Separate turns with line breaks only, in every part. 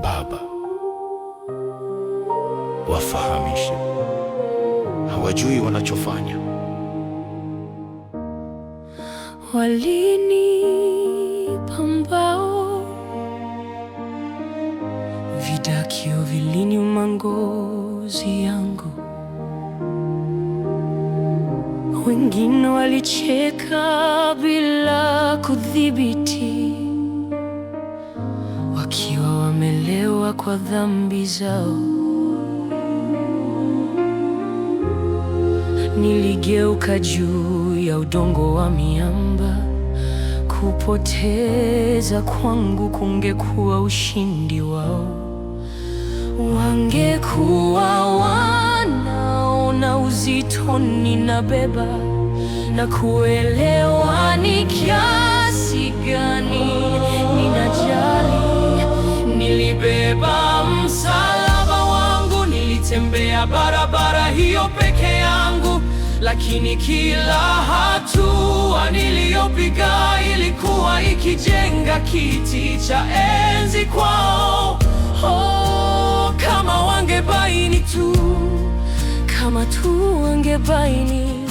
Baba, wafahamishe, hawajui wanachofanya.
Walinipa mbao, vidakio viliniuma ngozi yangu, wengine walicheka bila kudhibiti kuwa kwa dhambi zao. Niligeuka juu ya udongo wa miamba, kupoteza kwangu kungekuwa ushindi wao. Wangekuwa wanaona uzito ninabeba na kuelewa nikia
Nilibeba msalaba wangu, nilitembea barabara hiyo peke yangu, lakini kila hatua niliyopiga ilikuwa ikijenga kiti cha enzi kwao. Oh, kama wangebaini tu,
kama tu wangebaini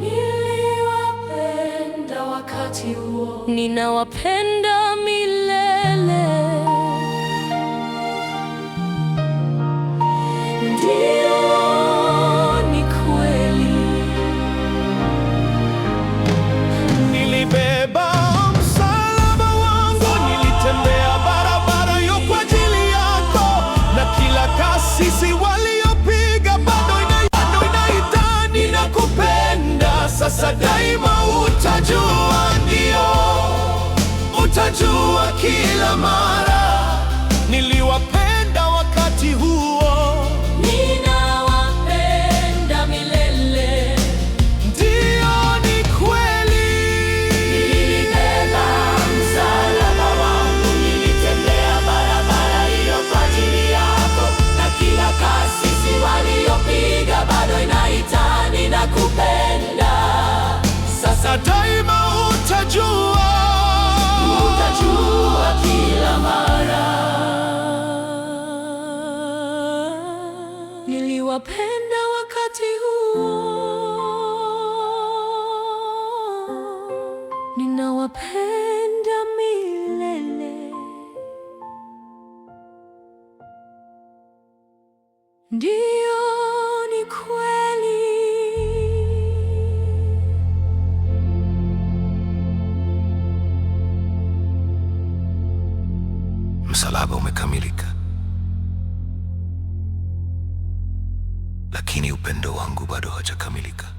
niliwapenda wakati huo,
ninawapenda milele.
Ndio,
Nilibeba msalaba wangu, nilitembea barabara hiyo kwa ajili yako, na kila kasisi waliopiga bado inaitani. Ninakupenda sasa daima, utajua, ndio utajua kila mara
niliwapenda
daima utajua,
utajua kila mara.
Niliwapenda wakati huo, ninawapenda milele. Ndi
msalaba umekamilika, lakini upendo wangu bado hajakamilika.